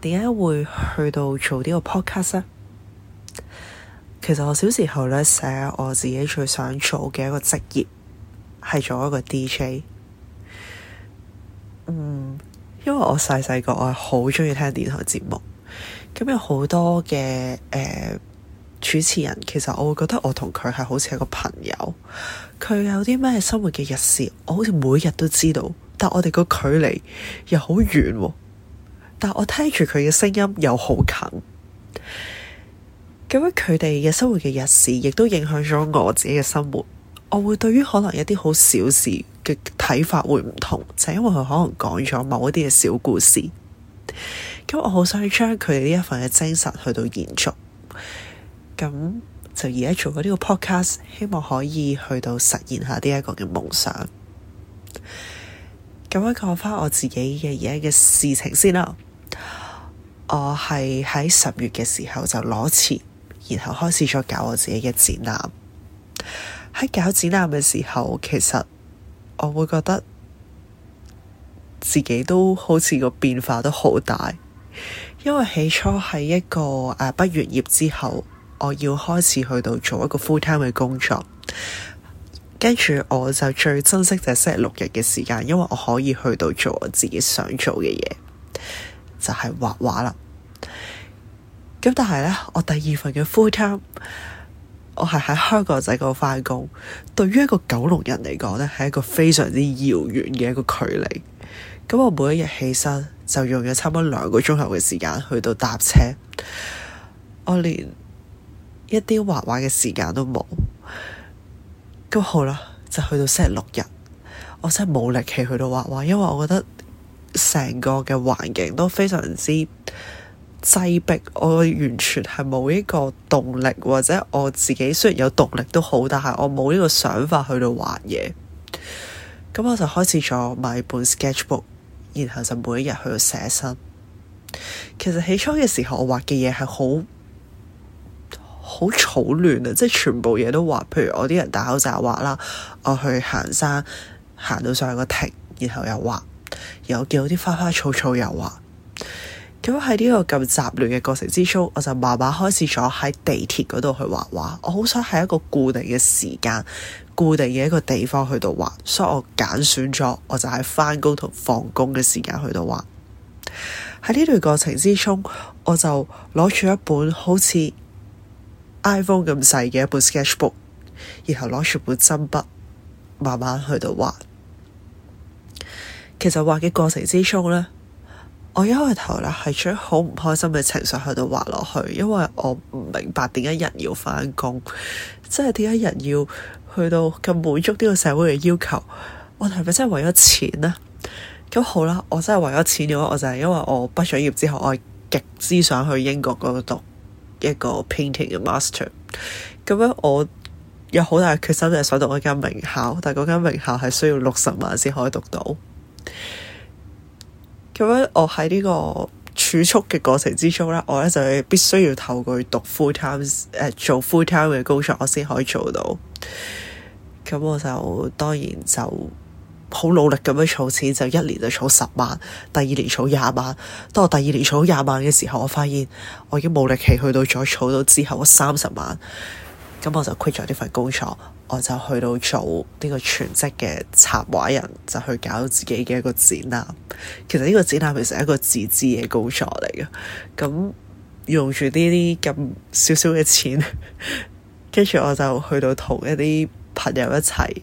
點解會去到做個呢個 podcast？其實我小時候呢，寫我自己最想做嘅一個職業係做一個 DJ。嗯，因為我細細個，我好鍾意聽電台節目，咁有好多嘅誒、呃、主持人，其實我會覺得我同佢係好似一個朋友。佢有啲咩生活嘅日事，我好似每日都知道，但我哋個距離又好遠喎。但我聽住佢嘅聲音又好近，咁樣佢哋嘅生活嘅日事，亦都影響咗我自己嘅生活。我會對於可能一啲好小事嘅睇法會唔同，就係因為佢可能講咗某一啲嘅小故事。咁我好想將佢哋呢一份嘅精神去到延續。咁就而家做緊呢個 podcast，希望可以去到實現下呢一個嘅夢想。咁樣講翻我自己嘅而家嘅事情先啦。我係喺十月嘅時候就攞錢，然後開始咗搞我自己嘅展覽。喺搞展覽嘅時候，其實我會覺得自己都好似個變化都好大，因為起初喺一個誒畢業業之後，我要開始去到做一個 full time 嘅工作，跟住我就最珍惜就係星期六日嘅時間，因為我可以去到做我自己想做嘅嘢。就係畫畫啦，咁但係咧，我第二份嘅 full time，我係喺香港仔嗰度翻工。對於一個九龍人嚟講咧，係一個非常之遙遠嘅一個距離。咁我每一日起身就用咗差唔多兩個鐘頭嘅時間去到搭車，我連一啲畫畫嘅時間都冇。咁好啦，就去到星期六日，我真係冇力氣去到畫畫，因為我覺得。成個嘅環境都非常之擠迫，我完全係冇呢個動力，或者我自己雖然有動力都好，但係我冇呢個想法去到畫嘢。咁我就開始咗買本 sketchbook，然後就每一日去到寫生。其實起初嘅時候，我畫嘅嘢係好好草亂啊，即係全部嘢都畫，譬如我啲人戴口罩畫啦，我去行山行到上個亭，然後又畫。有見到啲花花草草又畫，咁喺呢個咁雜亂嘅過程之中，我就慢慢開始咗喺地鐵嗰度去畫畫。我好想喺一個固定嘅時間，固定嘅一個地方去度畫，所以我揀選咗我就喺翻工同放工嘅時間去度畫。喺呢段過程之中，我就攞住一本好似 iPhone 咁細嘅一本 Sketchbook，然後攞住本針筆，慢慢去度畫。其實畫嘅過程之中咧，我一開頭咧係出於好唔開心嘅情緒喺度畫落去，因為我唔明白點解人要翻工，即係點解人要去到咁滿足呢個社會嘅要求。我係咪真係為咗錢呢？咁好啦，我真係為咗錢嘅話，我就係因為我畢咗業之後，我極之想去英國嗰度讀一個 painting 嘅 master。咁樣我有好大嘅決心就係想讀一間名校，但嗰間名校係需要六十萬先可以讀到。咁樣我喺呢個儲蓄嘅過程之中咧，我咧就必須要透過讀 full time 誒、呃、做 full time 嘅工作，我先可以做到。咁我就當然就好努力咁樣儲錢，就一年就儲十萬，第二年儲廿萬。當我第二年儲廿萬嘅時候，我發現我已經冇力氣去到咗儲到之後三十萬。咁我就 quit 咗呢份工作。我就去到做呢個全職嘅插畫人，就去搞自己嘅一個展覽。其實呢個展覽其實係一個自知嘅工作嚟嘅，咁用住呢啲咁少少嘅錢，跟 住我就去到同一啲朋友一齊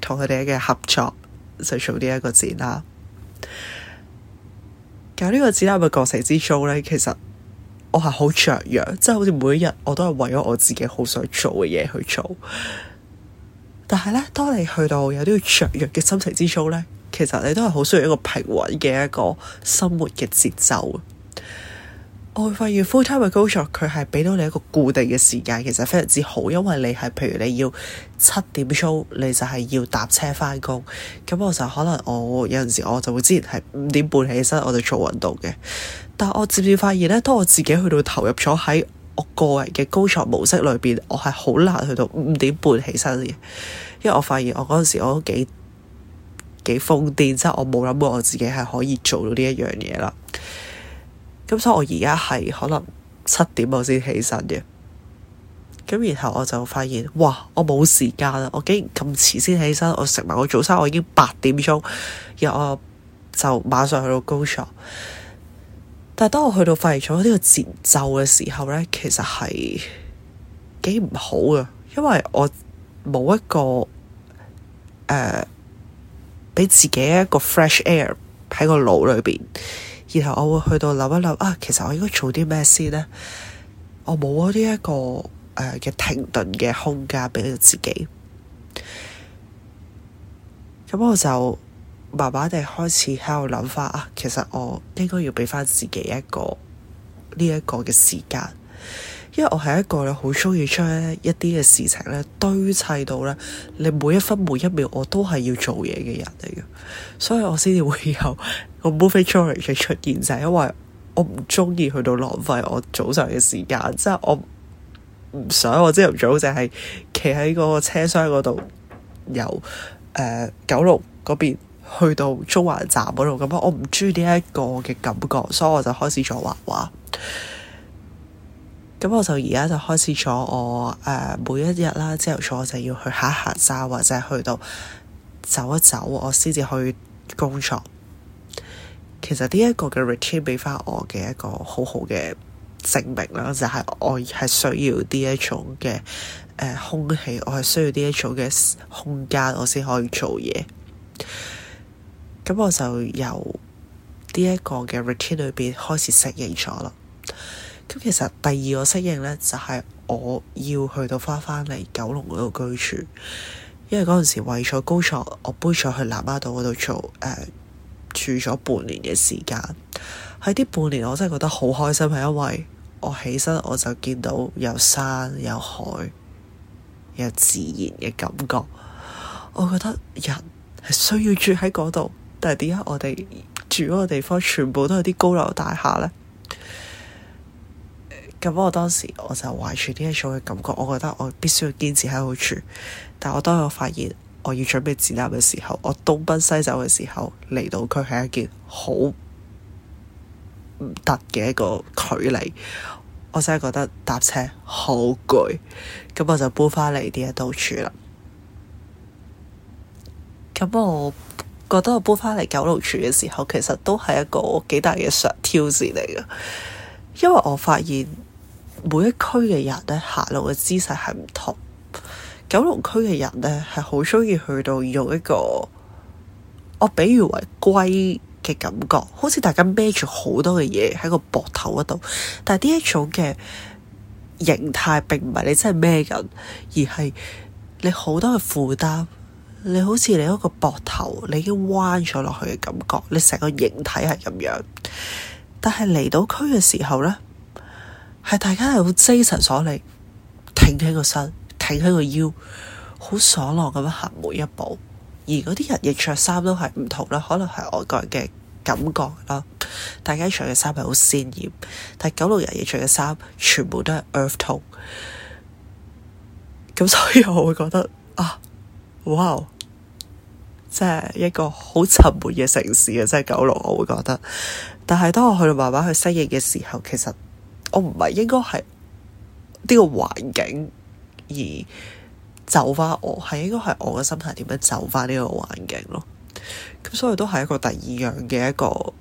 同佢哋嘅合作，就做呢一個展覽。搞呢個展覽嘅過程之中咧，其實我係、就是、好雀躍，即係好似每一日我都係為咗我自己好想做嘅嘢去做。但係咧，當你去到有啲要雀躍嘅心情之中咧，其實你都係好需要一個平穩嘅一個生活嘅節奏。我會發現 full time 嘅工作佢係畀到你一個固定嘅時間，其實非常之好，因為你係譬如你要七點鐘，你就係要搭車翻工。咁我就可能我有陣時我就會之前係五點半起身，我就做運動嘅。但係我漸漸發現咧，當我自己去到投入咗喺我個人嘅高牀模式裏邊，我係好難去到五點半起身嘅，因為我發現我嗰陣時我都幾幾瘋癲，即係我冇諗過我自己係可以做到呢一樣嘢啦。咁所以我而家係可能七點我先起身嘅，咁然後我就發現哇，我冇時間啦！我竟然咁遲先起身，我食埋我早餐，我已經八點鐘，然後我就馬上去到高牀。但係當我去到發現咗呢個節奏嘅時候咧，其實係幾唔好㗎，因為我冇一個誒俾、呃、自己一個 fresh air 喺個腦裏邊，然後我會去到諗一諗啊，其實我應該做啲咩先咧？我冇咗呢一個誒嘅、呃、停頓嘅空間畀到自己，咁我就。慢慢地開始喺度諗翻啊，其實我應該要畀翻自己一個呢一個嘅時間，因為我係一個咧好鍾意將一啲嘅事情咧堆砌到咧，你每一分每一秒我都係要做嘢嘅人嚟嘅，所以我先至會有個 Moving Reach 嘅出現，就係因為我唔鍾意去到浪費我早上嘅時間，即係我唔想我朝頭早就係企喺個車廂嗰度由呃，九龍嗰邊，去到中環站嗰度，咁我唔中意呢一個嘅感覺，所以我就開始做畫畫。咁我就而家就開始咗，我、呃、誒，每一日啦，朝頭早我就要去行下山或者去到走一走，我先至去工作。其實呢一個嘅 routine 畀翻我嘅一個好好嘅證明啦，就係、是、我係需要呢一種嘅誒、呃、空氣，我係需要呢一種嘅空間，我先可以做嘢。咁我就由呢一個嘅 routine 裏邊開始適應咗啦。咁其實第二個適應呢，就係、是、我要去到返返嚟九龍嗰度居住。因為嗰陣時為咗工作，我搬咗去南丫島嗰度做誒、呃、住咗半年嘅時間。喺呢半年，我真係覺得好開心，係因為我起身我就見到有山有海，有自然嘅感覺。我覺得人係需要住喺嗰度。但係點解我哋住嗰個地方全部都係啲高樓大廈咧？咁我當時我就懷住呢種嘅感覺，我覺得我必須要堅持喺度住。但我當我發現我要準備自立嘅時候，我東奔西走嘅時候，離到佢係一件好唔突嘅一個距離，我真係覺得搭車好攰。咁我就搬翻嚟呢度住啦。咁我。覺得我搬翻嚟九龍住嘅時候，其實都係一個幾大嘅上挑戰嚟嘅，因為我發現每一區嘅人咧，行路嘅姿勢係唔同。九龍區嘅人咧係好鍾意去到用一個我比喻為龜嘅感覺，好似大家孭住好多嘅嘢喺個膊頭嗰度，但係呢一種嘅形態並唔係你真係孭緊，而係你好多嘅負擔。你好似你嗰個膊頭，你已經彎咗落去嘅感覺，你成個形體係咁樣。但係嚟到區嘅時候咧，係大家係好精神爽利，挺起個身，挺起個腰，好爽朗咁樣行每一步。而嗰啲人亦着衫都係唔同啦，可能係外國人嘅感覺啦。大家着嘅衫係好鮮艷，但係九六人亦着嘅衫全部都係 earth tone。咁所以我會覺得啊，哇！即係一個好沉悶嘅城市嘅，即係九龍，我會覺得。但係當我去到慢慢去適應嘅時候，其實我唔係應該係呢個環境而走翻我，係應該係我嘅心態點樣走翻呢個環境咯。咁所以都係一個第二樣嘅一個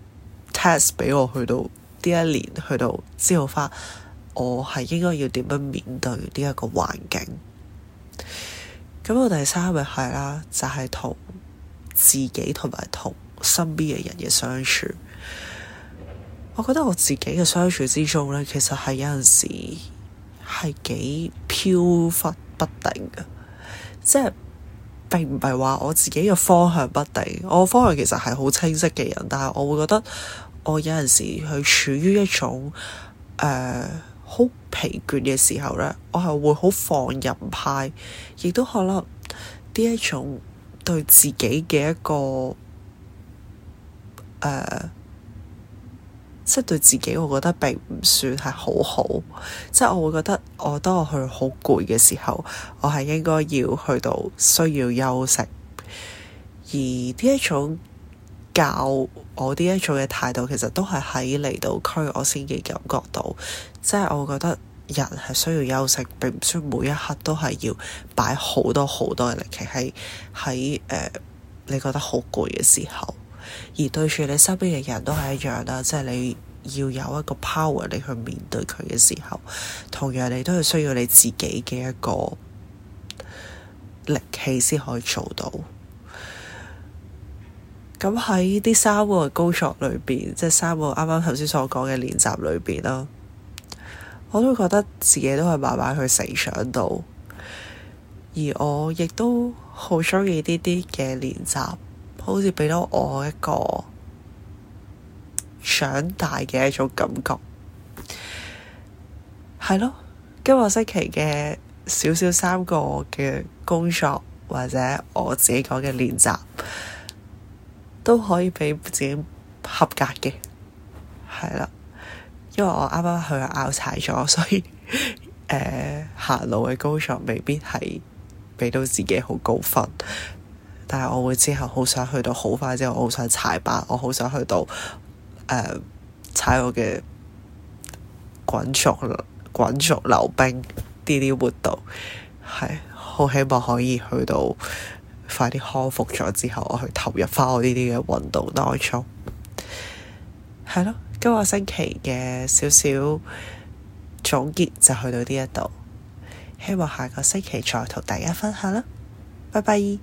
test 俾我去到呢一年去到知道翻我係應該要點樣面對呢一個環境。咁我第三咪係啦，就係同。自己同埋同身邊嘅人嘅相處，我覺得我自己嘅相處之中呢，其實係有陣時係幾飄忽不定嘅，即係並唔係話我自己嘅方向不定，我方向其實係好清晰嘅人，但係我會覺得我有陣時去處於一種誒好、呃、疲倦嘅時候呢，我係會好放任派，亦都可能啲一種。對自己嘅一個誒、呃，即係對自己，我覺得並唔算係好好。即係我會覺得，我當我去好攰嘅時候，我係應該要去到需要休息。而呢一種教我呢一種嘅態度，其實都係喺離島區，我先嘅感覺到。即係我覺得。人係需要休息，並唔需要每一刻都係要擺好多好多嘅力氣喺喺誒你覺得好攰嘅時候。而對住你身邊嘅人都係一樣啦，即係你要有一個 power 你去面對佢嘅時候，同樣你都係需要你自己嘅一個力氣先可以做到。咁喺呢三個工作裏邊，即係三個啱啱頭先所講嘅練習裏邊啦。我都覺得自己都係慢慢去成長到，而我亦都好鍾意呢啲嘅練習，好似畀到我一個長大嘅一種感覺。係咯，今個星期嘅少少三個嘅工作或者我自己講嘅練習，都可以畀自己合格嘅，係啦。因為我啱啱去拗柴咗，所以誒行、呃、路嘅高速未必係畀到自己好高分。但係我會之後好想去到好快之後，我好想踩板，我好想去到誒、呃、踩我嘅滾軸、滾軸溜冰啲啲活動，係好希望可以去到快啲康復咗之後，我去投入翻我呢啲嘅運動當中。係咯。今個星期嘅少少總結就去到呢一度，希望下個星期再同大家分享啦，拜拜。